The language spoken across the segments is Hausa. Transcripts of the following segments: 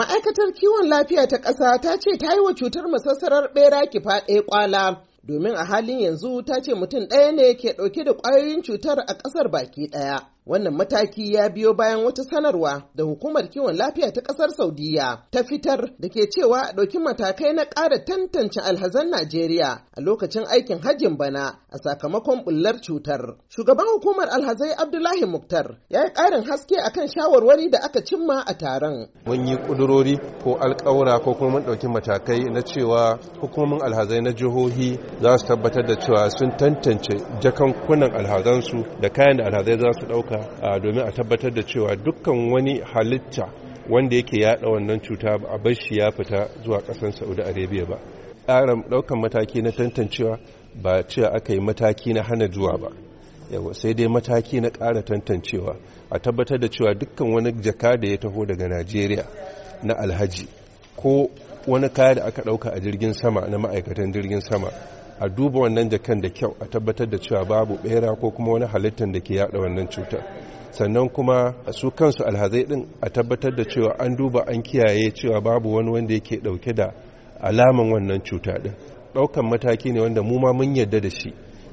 Ma'aikatar kiwon lafiya ta ƙasa ta ce ta yi wa cutar masassarar ɓera kifa ɗaya kwala. Domin a halin yanzu ta ce mutum ɗaya ne ke ɗauke da ƙwayoyin cutar a ƙasar baki ɗaya. Wannan mataki ya biyo bayan wata sanarwa da hukumar kiwon lafiya ta ƙasar Saudiya ta fitar da ke cewa a ɗauki matakai na ƙara tantance alhazan Najeriya a lokacin aikin hajjin bana a sakamakon bullar cutar. Shugaban hukumar alhazai Abdullahi Muktar ya yi ƙarin haske akan shawarwari da aka cimma a taron. Mun yi ƙudurori ko alƙawura ko kuma mun ɗauki matakai na cewa hukumomin alhazai na jihohi za su tabbatar da cewa sun tantance jakankunan alhazansu da kayan da alhazai za su ɗauka domin a tabbatar da cewa dukkan wani halitta wanda yake yada wannan cuta ba a bar shi ya fita zuwa kasan saudi arabia ba tsarin daukan mataki na tantancewa ba cewa aka yi mataki na hana zuwa ba yawa sai dai mataki na ƙara tantancewa a tabbatar da cewa dukkan wani jaka da ya taho daga najeriya na alhaji ko wani kaya da aka ɗauka a jirgin sama na ma'aikatan jirgin sama a duba wannan jakan da kyau a tabbatar da cewa babu bera ko kuma wani halittar da ke yada wannan cutar sannan kuma su kansu alhazai din a tabbatar da cewa an duba an kiyaye cewa babu wani wanda yake dauke da alaman wannan cuta din daukan mataki ne wanda mu ma mun yarda da shi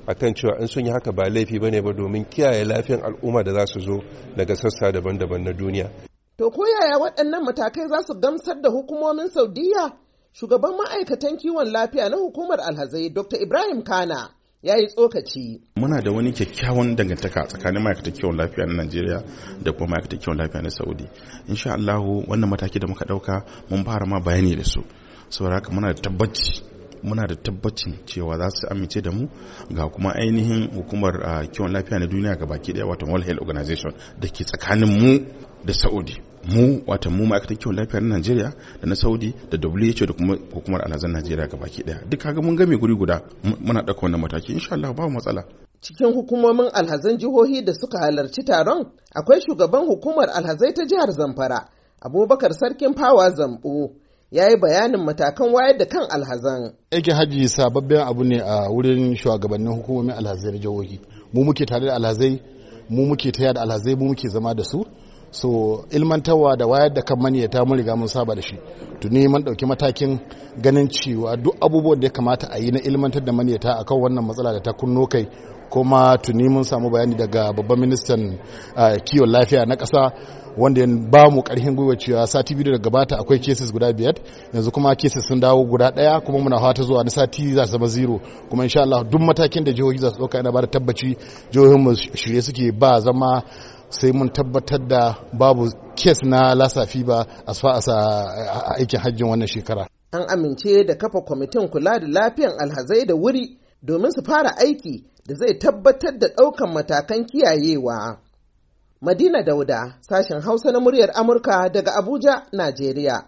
akan cewa in sun yi haka ba laifi bane ba domin kiyaye lafiyar al'umma da za su zo daga sassa daban-daban na duniya To ko yaya waɗannan matakai za su gamsar da hukumomin Saudiya Shugaban ma'aikatan kiwon lafiya na hukumar alhazai Dr. Ibrahim Kana ya yi tsokaci. Muna da wani kyakkyawan dangantaka tsakanin ma'aikatan kiwon lafiya na Najeriya da kuma ma'aikatan kiwon lafiya na Saudi. Insha Allahu wannan mataki da muka ɗauka mun fara ma bayani da su. Saboda haka muna da tabbaci muna da tabbacin cewa za su amince da mu ga kuma ainihin hukumar kiwon lafiya na duniya ga baki daya wato World Health Organization da ke tsakanin mu da Saudi mu wata mu ma'aikatan kiwon lafiya na Najeriya da na Saudi da WHO da kuma hukumar alhazan Najeriya ga baki daya duk kaga mun game guri guda muna ɗauka wannan mataki insha Allah ba matsala cikin hukumomin alhazan jihohi da suka halarci taron akwai shugaban hukumar alhazai ta jihar Zamfara Abubakar Sarkin Fawa Zambo ya yi bayanin matakan wayar da kan alhazan. Aikin hajji sababbin abu ne a wurin shugabannin hukumomin alhazai da jihohi. Mu muke tare da alhazai, mu muke taya da alhazai, mu muke zama da su. So ilmantarwa da wayar da kan maniyata mun riga mun saba da shi. Tuni mun ɗauki matakin ganin cewa duk abubuwan da ya kamata a yi na ilmantar da maniyata akan wannan matsala da ta kunno kai kuma tuni mun samu bayani daga babban ministan kiwon lafiya na ƙasa wanda ya ba mu karhin gwiwa cewa sati biyu da gabata akwai cases guda biyar yanzu kuma cases sun dawo guda daya kuma muna fata zuwa na sati za su zama zero kuma insha Allah duk matakin da jihohi za su dauka ina ba da tabbaci jihohin mu shirye suke ba zama sai mun tabbatar da babu kes na lasafi ba a aikin hajjin wannan shekara an amince da kafa kwamitin kula da lafiyan alhazai da wuri domin su fara aiki da zai tabbatar da ɗaukan matakan kiyayewa. Madina Dauda, sashen Hausa na muryar Amurka daga Abuja, Najeriya.